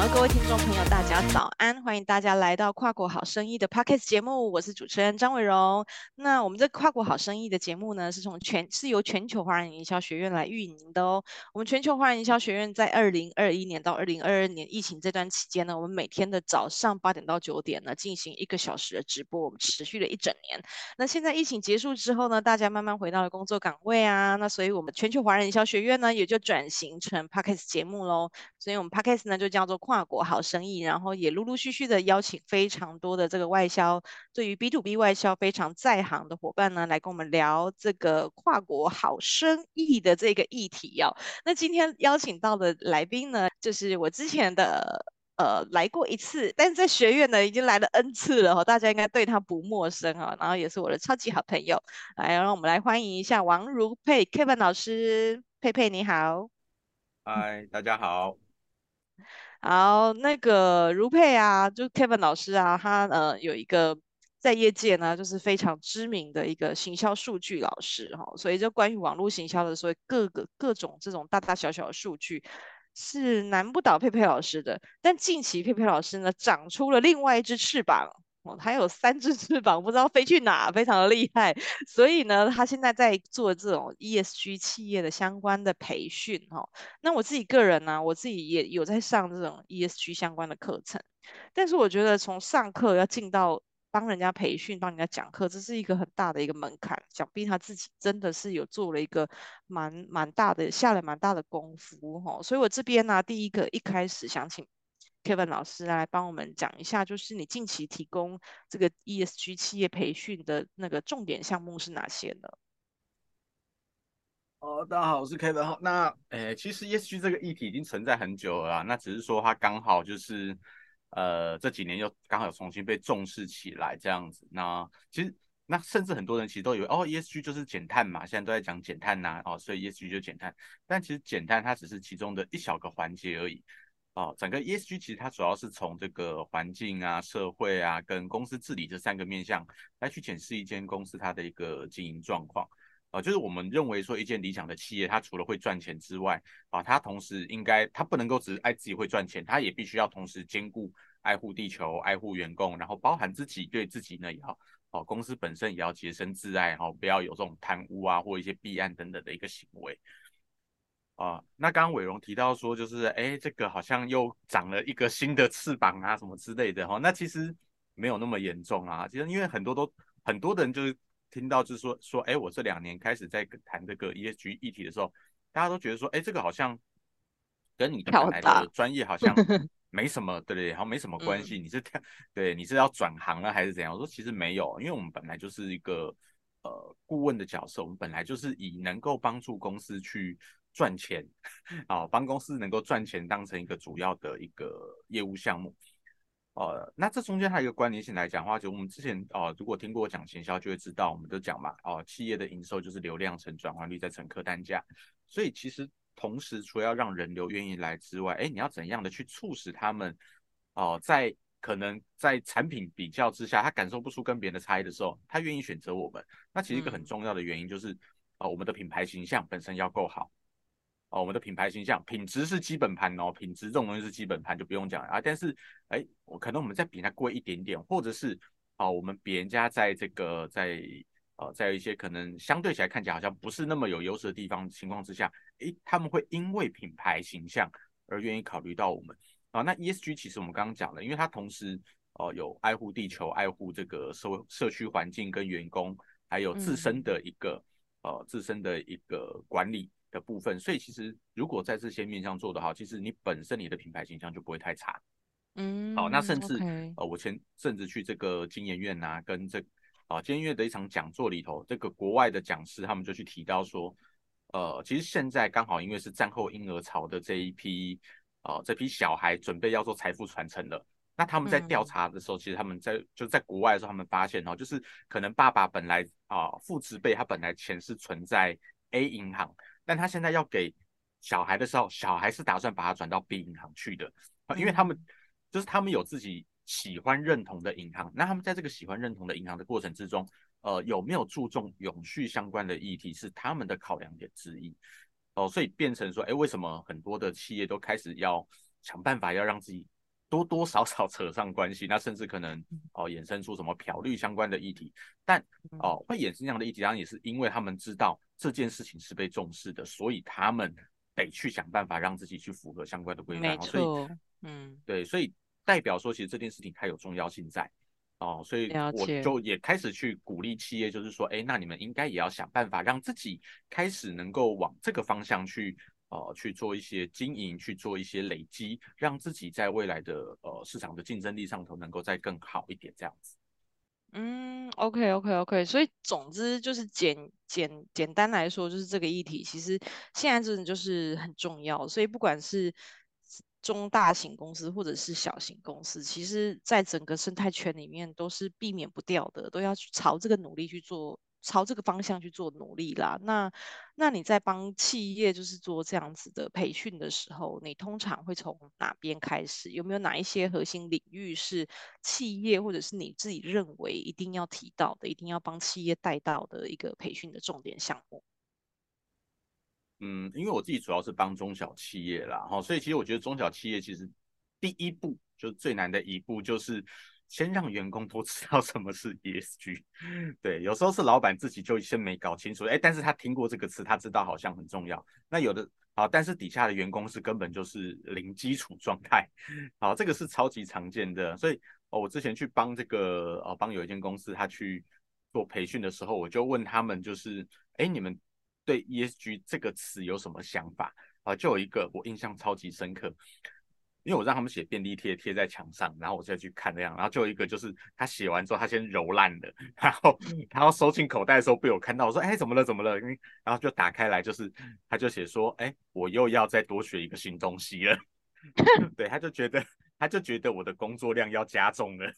好，各位聽眾朋友，大家早安！歡迎大家來到《跨國好生意》的 Podcast 節目，我是主持人張偉榮。那我們這《跨國好生意》的節目呢，是從全是由全球華人營銷學院來運營的哦。我們全球華人營銷學院在二零二一年到二零二二年疫情這段期間呢，我們每天的早上八點到九點呢，進行一個小時的直播，我們持續了一整年。那現在疫情結束之後呢，大家慢慢回到了工作崗位啊，那所以我們全球華人營銷學院呢，也就轉型成 Podcast 節目嘍。所以，我們 podcast 呢，就叫做“跨國好生意”，然後也陸陸續續的邀請非常多的這個外銷，對於 B to B 外銷非常在行的夥伴呢，來跟我們聊這個跨國好生意的這個議題哦。那今天邀請到的來賓呢，就是我之前的呃來過一次，但是在學院呢已經來了 N 次了哈、哦，大家應該對他不陌生啊、哦。然後也是我的超級好朋友，來，讓我們來歡迎一下王如沛 Kevin 老師，佩佩你好，嗨，大家好。好，那個如沛啊，就 Kevin 老師啊，他呃有一個在業界呢，就是非常知名的一個行銷數據老師哈、哦，所以就關於網絡行銷的時候，所以各個各種這種大大小小的數據是難不倒沛沛老師的。但近期沛沛老師呢，長出了另外一只翅膀。哦，他有三隻翅膀，不知道飛去哪，非常的厲害。所以呢，他現在在做這種 ESG 企業的相關的培訓哈、哦。那我自己個人呢、啊，我自己也有在上這種 ESG 相關的課程。但是我覺得從上課要進到幫人家培訓、幫人家講課，這是一個很大的一個門檻。想必他自己真的是有做了一個蠻蠻大的、下了蠻大的功夫哈、哦。所以我這邊呢、啊，第一個一開始想請。Kevin 老師來幫我們講一下，就是你近期提供這個 ESG 企業培訓的那個重點項目是哪些呢？哦，大家好，我是 Kevin。那，哎、欸，其實 ESG 這個議題已經存在很久了，那只是說它剛好就是，呃，這幾年又剛好重新被重視起來這樣子。那其實，那甚至很多人其實都以為，哦，ESG 就是減碳嘛，現在都在講減碳吶、啊，哦，所以 ESG 就減碳。但其實減碳它只是其中的一小個環節而已。哦，整個 ESG 其實它主要是從這個環境啊、社會啊跟公司治理這三個面向來去檢視一間公司它的一個經營狀況。啊、呃，就是我們認為說一間理想的企業，它除了會賺錢之外，啊，它同時應該它不能夠只愛自己會賺錢，它也必須要同時兼顧愛護地球、愛護員工，然後包含自己對自己呢也好。哦公司本身也要潔身自愛，哈、哦，不要有這種貪污啊或一些弊案等等的一個行為。啊、呃，那剛剛偉榮提到說，就是哎，這個好像又長了一個新的翅膀啊，什麼之類的哈、哦。那其實沒有那麼嚴重啦、啊，其實因為很多都很多的人就是聽到就是說說，哎，我這兩年開始在談這個 ESG 議題的時候，大家都覺得說，哎，這個好像跟你本來的專業好像沒什麼，對 對，然後沒什麼關係。嗯、你是跳對你是要轉行了還是怎樣？我說其實沒有，因為我們本來就是一個呃顧問的角色，我們本來就是以能夠幫助公司去。賺錢，哦，幫公司能夠賺錢當成一個主要的一個業務項目，呃，那這中間還有一個關聯性來講的話，就我們之前哦、呃，如果聽過我講行銷，就會知道，我們都講嘛，哦、呃，企業的營收就是流量乘轉換率再乘客單價，所以其實同時，除了要讓人流願意來之外，哎，你要怎樣的去促使他們，哦、呃，在可能在產品比較之下，他感受不出跟別人的差異的時候，他願意選擇我們，那其實一個很重要的原因就是，哦、嗯呃，我們的品牌形象本身要夠好。哦，我們的品牌形象、品質是基本盤哦，品質這種東西是基本盤，就不用講了啊。但是，哎、欸，我可能我們再比它貴一點點，或者是哦、呃，我們別人家在這個在呃，在一些可能相對起來看起來好像不是那麼有優勢的地方情況之下、欸，他們會因為品牌形象而願意考慮到我們。啊，那 ESG 其實我們剛剛講了，因為它同時哦、呃、有愛護地球、愛護這個社會、社區環境跟員工，還有自身的一個、嗯、呃自身的一個管理的部分，所以其實如果在這些面向做的話，其實你本身你的品牌形象就不會太差。嗯，好、哦，那甚至、okay. 呃，我前甚至去這個金研院吶、啊，跟這啊金、呃、研院的一場講座裡頭，這個國外的講師他們就去提到說，呃，其實現在剛好因為是戰後嬰兒潮的這一批啊、呃，這批小孩準備要做財富傳承了，那他們在調查的時候，嗯、其實他們在就在國外的時候，他們發現哦，就是可能爸爸本來啊，父、呃、執輩他本來錢是存在 A 銀行。但他現在要給小孩的時候，小孩是打算把他轉到 B 銀行去的，因為他們、嗯、就是他們有自己喜歡認同的銀行，那他們在這個喜歡認同的銀行的過程之中，呃，有沒有注重永續相關的議題是他們的考量點之一，哦、呃，所以變成說，哎，為什麼很多的企業都開始要想辦法要讓自己。多多少少扯上關係，那甚至可能哦、呃、衍生出什麼漂綠相關的議題，嗯、但哦、呃、會衍生這樣的議題，當然也是因為他們知道這件事情是被重視的，所以他們得去想辦法讓自己去符合相關的規範。沒錯。所以嗯，對，所以代表說其實這件事情它有重要性在哦、呃，所以我就也開始去鼓勵企業，就是說，哎、欸，那你們應該也要想辦法讓自己開始能夠往這個方向去。呃，去做一些經營，去做一些累積，讓自己在未來的呃市場的競爭力上頭能夠再更好一點，這樣子。嗯，OK，OK，OK。Okay, okay, okay. 所以總之就是簡簡簡單來說，就是這個議題其實現在真的就是很重要。所以不管是中大型公司或者是小型公司，其實，在整個生態圈裡面都是避免不掉的，都要去朝這個努力去做。朝這個方向去做努力啦。那那你在幫企業就是做這樣子的培訓的時候，你通常會從哪邊開始？有沒有哪一些核心領域是企業或者是你自己認為一定要提到的、一定要幫企業帶到的一個培訓的重點項目？嗯，因為我自己主要是幫中小企業啦，哈，所以其實我覺得中小企業其實第一步就是最難的一步就是。先讓員工都知道什麼是 ESG，對，有時候是老闆自己就先沒搞清楚，哎、欸，但是他聽過這個詞，他知道好像很重要。那有的好、啊，但是底下的員工是根本就是零基礎狀態，好、啊，這個是超級常見的。所以，哦，我之前去幫這個，呃、哦，幫有一間公司他去做培訓的時候，我就問他們，就是，哎、欸，你們對 ESG 這個詞有什麼想法？啊，就有一個我印象超級深刻。因為我讓他們寫便利貼貼在牆上，然後我再去看那樣，然後就一個就是他寫完之後他先揉爛了，然後他收進口袋的時候被我看到，我說，哎，怎麼了怎麼了，嗯，然後就打開來就是他就寫說，哎，我又要再多學一個新東西了， 對，他就覺得他就覺得我的工作量要加重了。.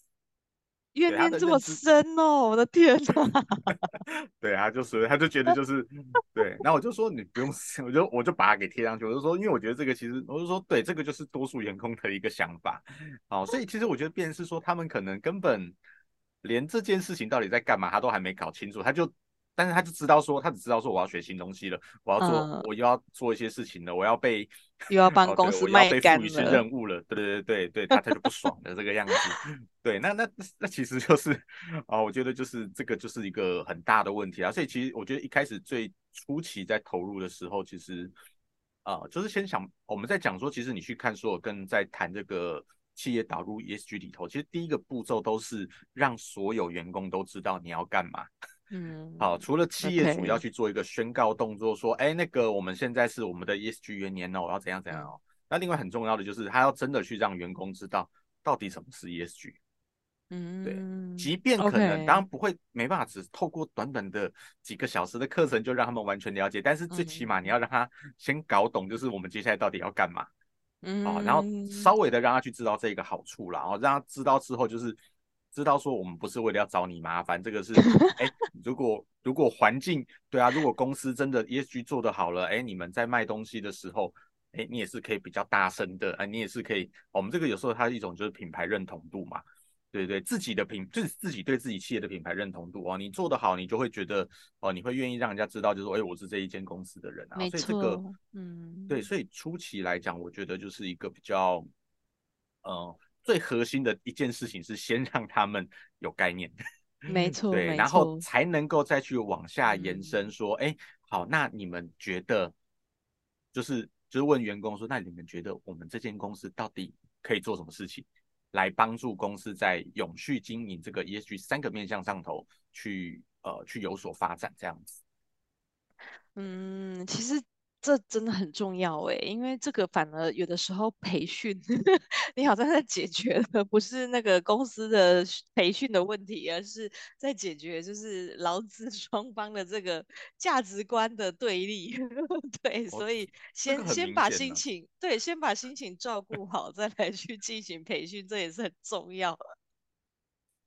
怨念這麼深哦， 我的天哪，啊！ 對，啊，就是，他就覺得就是，對。那我就說你不用，我就我就把它給貼上去。我就說，因為我覺得這個其實，我就說對，這個就是多數員工的一個想法。好，哦，所以其實我覺得，變是說他們可能根本連這件事情到底在幹嘛，他都還沒搞清楚，他就。但是他就知道說，他只知道說我要學新東西了，我要做，嗯、我要做一些事情了，我要被又要幫公司， 賣，要一些任務了，對對對對對，他他就不爽的 這個樣子。對，那那那,那其實就是啊、呃，我覺得就是這個就是一個很大的問題啊。所以其實我覺得一開始最初期在投入的時候，其實啊、呃，就是先想我們在講說，其實你去看說，我跟在談這個企業導入 ESG 裡頭，其實第一個步驟都是讓所有員工都知道你要幹嘛。嗯，好，除了企業主要去做一個宣告動作，說，哎、okay. 欸，那個我們現在是我們的 ESG 元年哦，要怎樣怎樣哦、喔。那另外很重要的就是，他要真的去讓員工知道到底什麼是 ESG。嗯，對，即便可能、okay. 當然不會沒辦法，只透過短短的幾個小時的課程就讓他們完全了解，但是最起碼你要讓他先搞懂，就是我們接下來到底要幹嘛。嗯，啊，然後稍微的讓他去知道這一個好處啦，然後讓他知道之後就是知道說我們不是為了要找你麻煩，這個是，哎、欸。 如果如果環境，對啊，如果公司真的 ESG 做的好了，哎，你們在賣東西的時候，哎，你也是可以比較大聲的，哎，你也是可以。哦、我們這個有時候它是一種就是品牌認同度嘛，對對，自己的品自、就是、自己對自己企業的品牌認同度啊、哦。你做的好，你就會覺得哦，你會願意讓人家知道，就是哎，我是這一間公司的人啊。所以這個，嗯。對，所以初期來講，我覺得就是一個比較，嗯、呃、最核心的一件事情是先讓他們有概念。沒錯，對，然後才能夠再去往下延伸，說，哎、嗯，好，那你們覺得，就是，就是問員工說，那你們覺得我們這間公司到底可以做什麼事情，來幫助公司在永續經營這個 ESG 三個面向上頭去，呃，去有所發展，這樣子。嗯，其實。 這真的很重要哎、欸，因為這個反而有的時候培訓呵呵，你好像在解決的不是那個公司的培訓的問題，而是在解決就是勞資雙方的這個價值觀的對立。哦、 對，所以先、這個啊、先把心情對，先把心情照顧好，再來去進行培訓， 這也是很重要的。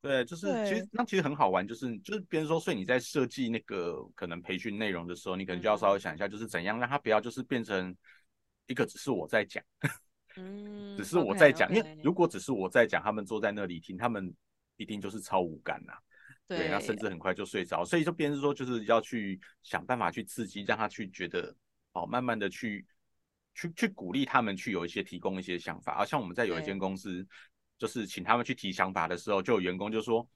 對，就是其實那其實很好玩，就是就是別人說，所以你在設計那個可能培訓內容的時候，你可能就要稍微想一下，就是怎樣讓他不要就是變成一個只是我在講，嗯、只是我在講，okay, okay, 因為如果只是我在講，他們坐在那裡聽，他們一定就是超無感吶、啊，對，那甚至很快就睡着，所以就變成說就是要去想辦法去刺激，讓他去覺得哦，慢慢的去去去鼓勵他們去有一些提供一些想法，而、啊、像我們在有一間公司。就是請他們去提想法的時候，就有員工就說：“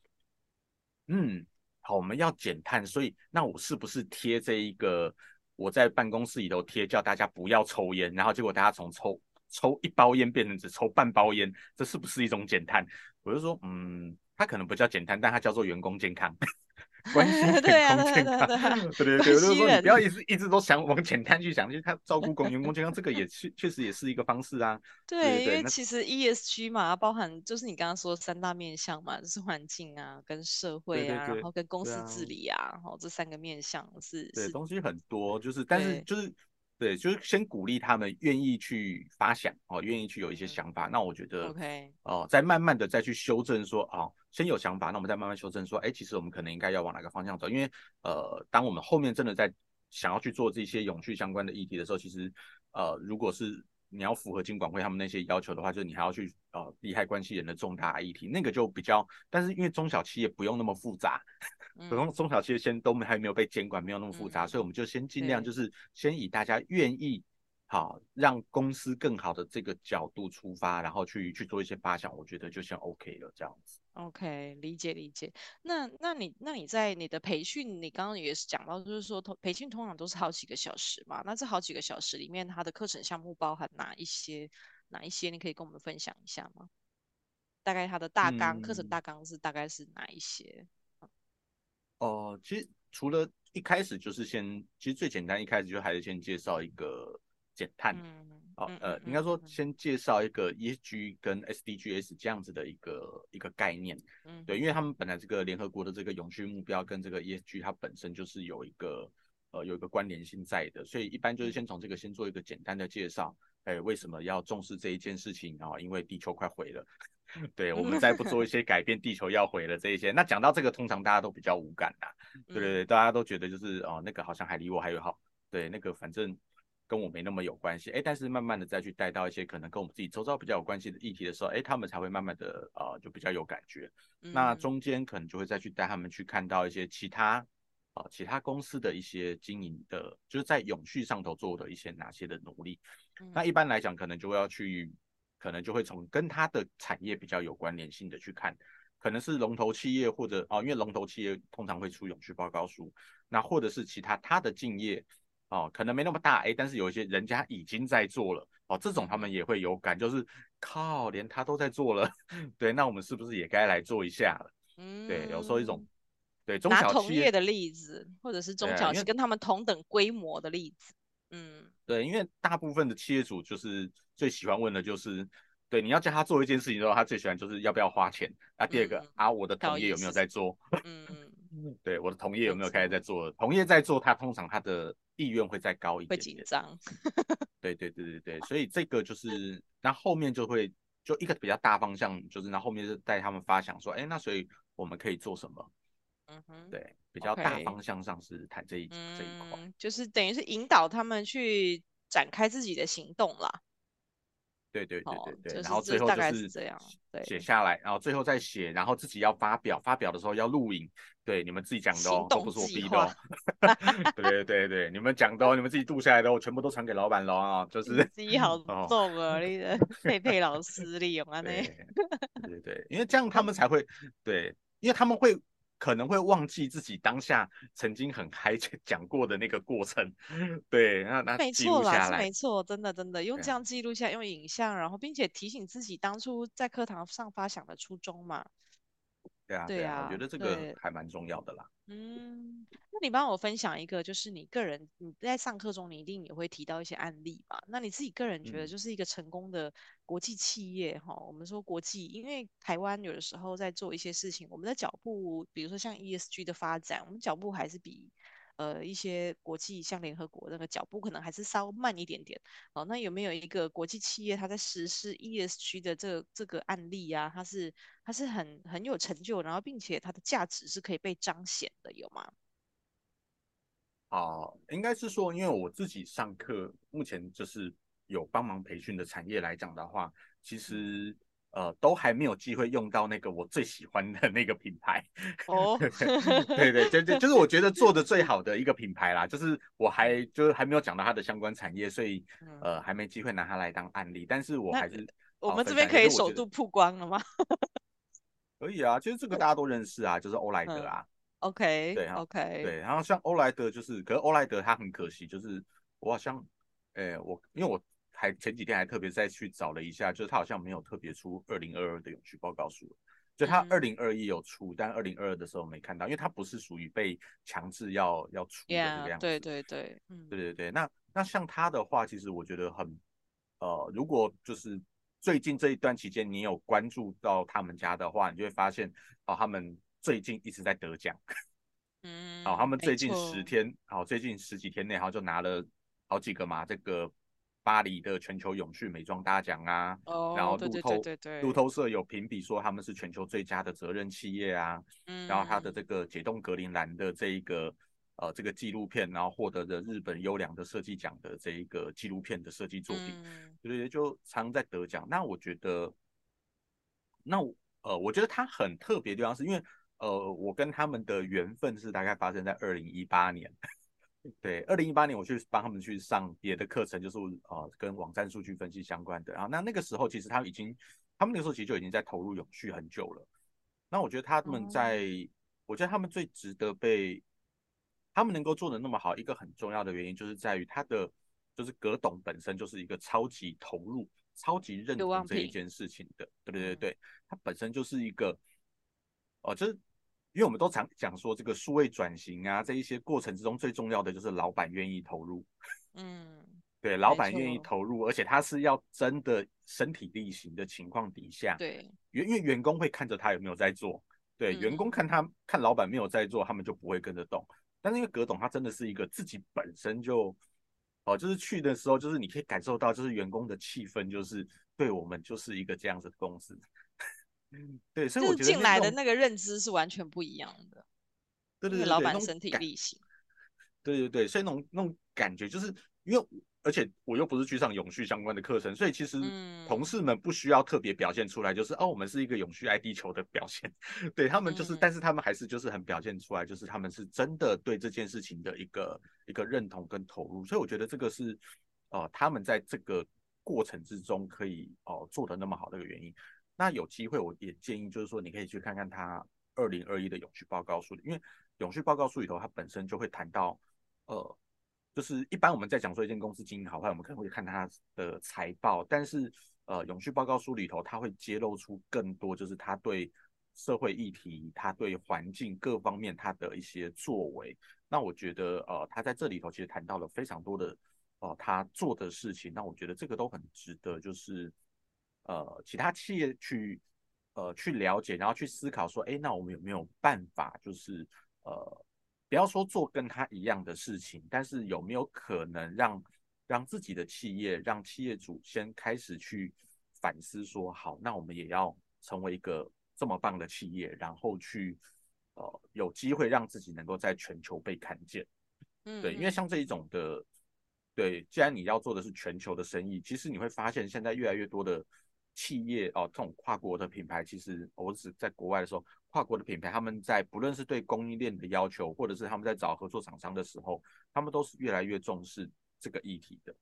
嗯，好，我們要減碳，所以那我是不是貼這一個，我在辦公室裡頭貼，叫大家不要抽煙，然後結果大家從抽抽一包煙變成只抽半包煙，這是不是一種減碳？”我就說：“嗯，它可能不叫減碳，但它叫做員工健康。”關心員工健康， 對，啊對，啊對，啊、 對對對，就是說你不要一直一直都想往簡單去想，就是他照顧工員工健康 這個也是確，確實也是一個方式啊。對，對對，因為其實 ESG 嘛，包含就是你剛剛說三大面向嘛，就是環境啊、跟社會啊，對對對，然後跟公司治理啊，哦、啊，然後這三個面向是。對，對東西很多，就是但是就是對，對，就是先鼓勵他們願意去發想哦，願意去有一些想法，嗯、那我覺得 OK 哦，再慢慢的再去修正說哦。先有想法，那我們再慢慢修正，說，哎，其實我們可能應該要往哪個方向走？因為，呃，當我們後面真的在想要去做這些永續相關的議題的時候，其實，呃，如果是你要符合金管會他們那些要求的話，就是你還要去呃利害關係人的重大議題，那個就比較。但是因為中小企業不用那麼複雜，嗯、可能中小企業先都還沒有被監管，沒有那麼複雜、嗯，所以我們就先盡量就是先以大家願意。好，讓公司更好的這個角度出發，然後去去做一些發想，我覺得就像 OK 了這樣子。OK，理解理解。那那你那你在你的培訓，你剛剛也是講到，就是說通培訓通常都是好幾個小時嘛。那這好幾個小時裡面，它的課程項目包含哪一些？哪一些你可以跟我們分享一下嗎？大概它的大綱、嗯、課程大綱是大概是哪一些？哦、呃，其實除了一開始就是先，其實最簡單一開始就還是先介紹一個。減碳、嗯，哦，呃，嗯嗯嗯、應該說先介紹一個 ESG 跟 SDGs 這樣子的一個一個概念、嗯，對，因為他們本來這個聯合國的這個永續目標跟這個 ESG 它本身就是有一個呃有一個關聯性在的，所以一般就是先從這個先做一個簡單的介紹，哎、欸，為什麼要重視這一件事情啊、哦？因為地球快毀了，嗯、 對我們再不做一些改變，地球要毀了這一些。嗯、那講到這個，通常大家都比較無感吶、嗯，對對對，大家都覺得就是哦、呃，那個好像還離我還有好，對，那個反正。跟我沒那麼有關係，誒，但是慢慢的再去帶到一些可能跟我們自己周遭比較有關係的議題的時候，誒，他們才會慢慢的呃，就比較有感覺、嗯。那中間可能就會再去帶他們去看到一些其他啊、呃，其他公司的一些經營的，就是在永續上頭做的一些哪些的努力。嗯、那一般來講，可能就會要去，可能就會從跟他的產業比較有關聯性的去看，可能是龍頭企業或者哦，因為龍頭企業通常會出永續報告書，那或者是其他他的敬業。哦，可能沒那麼大 A，欸、但是有一些人家已經在做了哦，這種他們也會有感，就是靠，連他都在做了，對，那我們是不是也該來做一下了？嗯，對，有時候一種對，中小企業的例子，或者是中小企業跟他們同等規模的例子，嗯，對，因為大部分的企業主就是最喜歡問的就是，對，你要叫他做一件事情的時候，他最喜歡就是要不要花錢？那第二個、嗯、啊，我的同業有沒有在做？嗯， 對，我的同業有沒有開始在做？同業在做，他通常他的。意願會再高一點，會緊張。對對對對對，對， 所以這個就是，那後，後面就會就一個比較大方向，就是那後，後面就帶他們發想說，哎，那所以我們可以做什麼？嗯哼，對，比較大方向上是談這一這一塊，就是等於是引導他們去展開自己的行動啦。對對對對對，oh, 然後最後就是寫下來，就是這這樣，然後最後再寫，然後自己要發表，發表的時候要錄影，對，你們自己講的哦，都不是我逼的，哦， 對對對對，你們講的哦， 你們自己錄下來的，我全部都傳給老闆了啊，就是，自己好重啊，那 個佩佩老師 利用啊。那，對對，因為這樣他們才會對，因為他們會。可能會忘記自己當下曾經很嗨講過的那個過程，對，那那沒錯啦，是沒錯，真的真的，用這樣記錄下，用影像，然後並且提醒自己當初在課堂上發想的初衷嘛。對啊，對啊，對啊，我覺得這個還蠻重要的啦。嗯，那你幫我分享一個，就是你個人你在上課中，你一定也會提到一些案例吧？那你自己個人覺得，就是一個成功的國際企業哈，嗯哦、我們說國際，因為台灣有的時候在做一些事情，我們的腳步，比如說像 ESG 的發展，我們腳步還是比。呃，一些國際像聯合國那個腳步可能還是稍慢一點點。哦，那有沒有一個國際企業，它在實施 ESG 的這個這個案例啊？它是它是很很有成就，然後並且它的價值是可以被彰顯的，有嗎？哦、啊，應該是說，因為我自己上課目前就是有幫忙培訓的產業來講的話，其實。呃，都還沒有機會用到那個我最喜歡的那個品牌，哦、oh. 對，對對，就就就是我覺得做的最好的一個品牌啦， 就是我還就是還沒有講到它的相關產業，所以呃，還沒機會拿它來當案例，但是我還是，我們這邊可以首度曝光了嗎？可以啊，其實這個大家都認識啊， 就是歐萊德啊、嗯、，OK，對，OK，對，然後像歐萊德就是，可是歐萊德它很可惜，就是我好像，哎、欸，我因為我。還前幾天還特別再去找了一下，就是他好像沒有特別出二零二二的永續報告書，就他二零二一有出，嗯、但二零二二的時候沒看到，因為他不是屬於被強制要要出的這個樣子。Yeah, 對對對、嗯，對對對。那那像他的話，其實我覺得很，呃，如果就是最近這一段期間你有關注到他們家的話，你就會發現哦，他們最近一直在得獎，嗯、哦，他們最近十天，哦、最近十幾天內，然後就拿了好幾個嘛，這個。巴黎的全球永續美妝大獎啊，oh, 然後路透對對，對對對，路透社有評比說他們是全球最佳的責任企業啊，嗯，然後他的這個解凍格陵蘭的這一個呃這個紀錄片，然後獲得的日本優良的設計獎的這一個紀錄片的設計作品，所、嗯、以就常常在得獎。那我覺得，那呃，我覺得他很特別的地方是因為呃，我跟他們的緣分是大概發生在二零一八年。對，二零一八年我去幫他們去上別的課程，就是呃跟網站數據分析相關的。然後那那個時候，其實他們已經，他們那個時候其實就已經在投入永續很久了。那我覺得他們在、嗯，我覺得他們最值得被，他們能夠做的那麼好，一個很重要的原因就是在於他的，就是葛董本身就是一個超級投入、超級認同這一件事情的，不對對對對，他本身就是一個，哦、呃、就是。因為我們都常講說，這個數位轉型啊，這一些過程之中最重要的就是老闆願意投入。嗯，對，老闆願意投入，而且他是要真的身體力行的情況底下。對，因為員工會看着他有沒有在做。對，員工看他、嗯、看老闆沒有在做，他們就不會跟着動。但是因為葛董他真的是一個自己本身就，哦，就是去的時候就是你可以感受到，就是員工的氣氛就是對我們就是一個這樣子的公司。嗯，對，所以我覺得甚至進來的那個認知是完全不一樣的。對對對，對，老闆身體力行。對對對，所以那種那種感覺，就是因為而且我又不是去上永續相關的課程，所以其實同事們不需要特別表現出來，就是、嗯、哦，我們是一個永續愛地球的表現。對，他們就是、嗯，但是他們還是就是很表現出來，就是他們是真的對這件事情的一個一個認同跟投入。所以我覺得這個是、呃、他們在這個過程之中可以哦、呃、做的那麼好的一個原因。那有機會，我也建議就是說，你可以去看看他二零二一的永續報告書，因為永續報告書裡頭，它本身就會談到，呃，就是一般我們在講說一間公司經營好壞，我們可能會看它的財報，但是呃，永續報告書裡頭，它會揭露出更多，就是它對社會議題、它對環境各方面它的一些作為。那我覺得，呃，它在這裡頭其實談到了非常多的呃，它做的事情。那我覺得這個都很值得，就是。呃，其他企業去，呃，去了解，然後去思考說，哎，那我們有沒有辦法，就是，呃，不要說做跟他一樣的事情，但是有沒有可能讓讓自己的企業，讓企業主先開始去反思，說，好，那我們也要成為一個這麼棒的企業，然後去，呃，有機會讓自己能夠在全球被看見。嗯，嗯，對，因為像這一種的，對，既然你要做的是全球的生意，其實你會發現，現在越來越多的。企業哦，這種跨國的品牌，其實我是在國外的時候，跨國的品牌他們在不論是對供應鏈的要求，或者是他們在找合作廠商的時候，他們都是越來越重視這個議題的。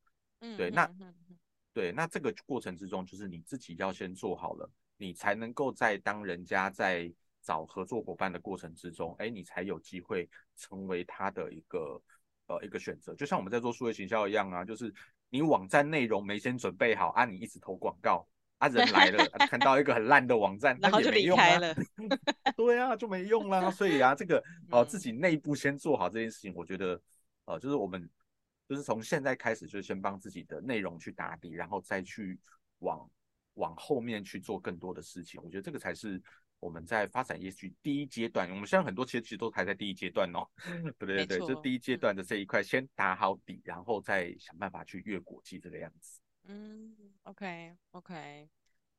對，嗯、哼哼，那對，那這個過程之中，就是你自己要先做好了，你才能夠在當人家在找合作夥伴的過程之中，哎、欸，你才有機會成為他的一個呃一個選擇。就像我們在做數位行銷一樣啊，就是你網站內容沒先準備好啊，你一直投廣告。 啊，人來了，看到一個很爛的網站，那也沒用了 對啊，就沒用啦。 所以啊，這個呃，自己內部先做好這件事情，我覺得呃，就是我們就是從現在開始，就先幫自己的內容去打底，然後再去往往後面去做更多的事情。我覺得這個才是我們在發展業績第一階段。我們現在很多企業其實其實都還在第一階段哦， 對對對，這第一階段的這一塊先打好底，然後再想辦法去越國際這個樣子。嗯，OK OK，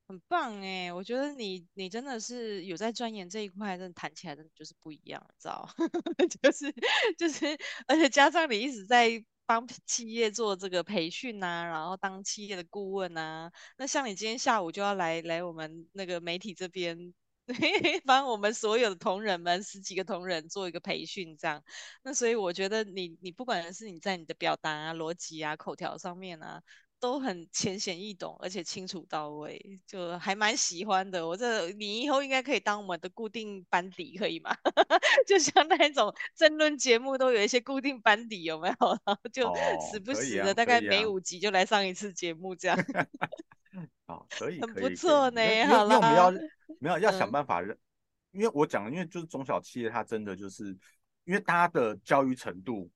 很棒哎、欸！我覺得你你真的是有在鑽研這一塊，但談起來真的就是不一樣，你知道？ 就是就是，而且加上你一直在幫企業做這個培訓啊，然後當企業的顧問啊，那像你今天下午就要來來我們那個媒體這邊， 幫我們所有的同仁們十幾個同仁做一個培訓，這樣。那所以我覺得你你不管是你在你的表達啊、邏輯啊、口條上面啊。都很淺顯易懂，而且清楚到位，就還蠻喜歡的。我這，你以後應該可以當我們的固定班底，可以嗎？ 就像那一種爭論節目都有一些固定班底，有沒有？然後就時不時的，哦啊啊、大概每五集就來上一次節目，這樣 好。可以，很不錯呢。沒有我們要沒有要，要，要想辦法、嗯、因為我講，因為就是中小企業，它真的就是因為大家的教育程度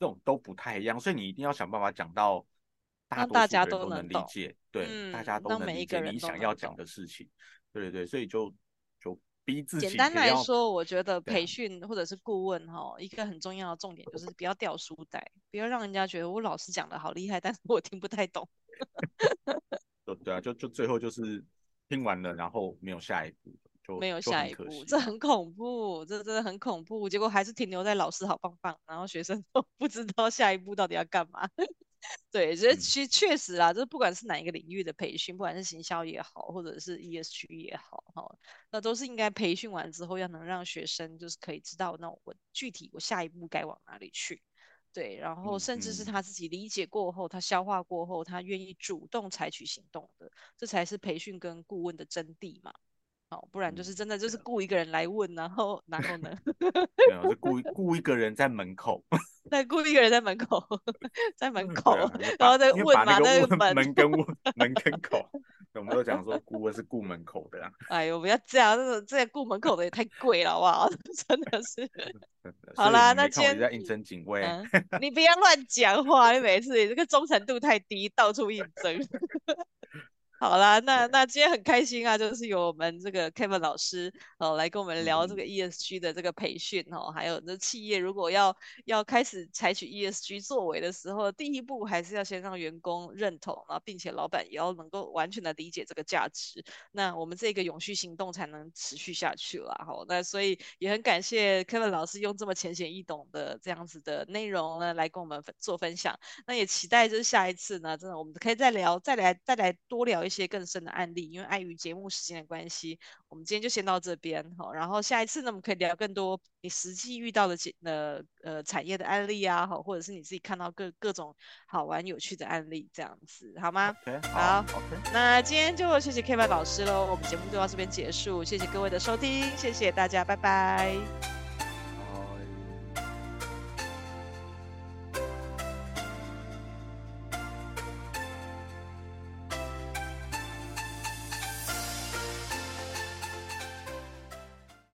這種都不太一樣，所以你一定要想辦法講到。那大家都能理解，嗯、對、嗯，大家都能理解你想要講的事情，對對對，所以就就逼自己，簡單來說，啊，我覺得培訓或者是顧問哈，一個很重要的重點就是不要掉書袋，不要讓人家覺得我老師講的好厲害，但是我聽不太懂。對 對啊，就就最後就是聽完了，然後沒有下一步，就沒有下一步，這很恐怖，這真的很恐怖，結果還是停留在老師好棒棒，然後學生都不知道下一步到底要幹嘛。對，這其實確實啊，就是不管是哪一個領域的培訓，不管是行銷也好，或者是 ESG 也好，哈，那都是應該培訓完之後要能讓學生就是可以知道，那我具體我下一步該往哪裡去，對，然後甚至是他自己理解過後，他消化過後，他願意主動採取行動的，這才是培訓跟顧問的真諦嘛。不然就是真的就是雇一個人來問，然後然後呢？對， 就雇雇一個人在門口。再 雇一個人在門口， 在門口、啊，然後再問嘛，在門、那個、門，門跟門， 門跟口。我們都講說雇是雇門口的、啊、哎呦，我不要這樣，這這個、雇門口的也太貴了， 哇，真的是。好啦，那今天。在應徵警衛。你不要亂講話， 你每次你這個忠誠度太低，到處應徵。 好啦，那那今天很開心啊，就是由我們這個 Kevin 老師哦來跟我們聊這個 ESG 的這個培訓哦、嗯，還有這企業如果要要開始採取 ESG 作為的時候，第一步還是要先讓員工認同啊，然後並且老闆也要能夠完全的理解這個價值，那我們這個永續行動才能持續下去啦。好，那所以也很感謝 Kevin 老師用這麼淺顯易懂的這樣子的內容呢來跟我們做分享，那也期待就是下一次呢，真的我們可以再聊，再來再來多聊一。一些更深的案例，因為礙於節目時間的關係，我們今天就先到這邊好，然後下一次呢，我們可以聊更多你實際遇到的、呃呃產業的案例啊，或者是你自己看到各各種好玩有趣的案例，這樣子好嗎？Okay, 好、uh,，OK。那今天就謝謝 Kevin 老師嘍，我們節目就到這邊結束，謝謝各位的收聽，謝謝大家，拜拜。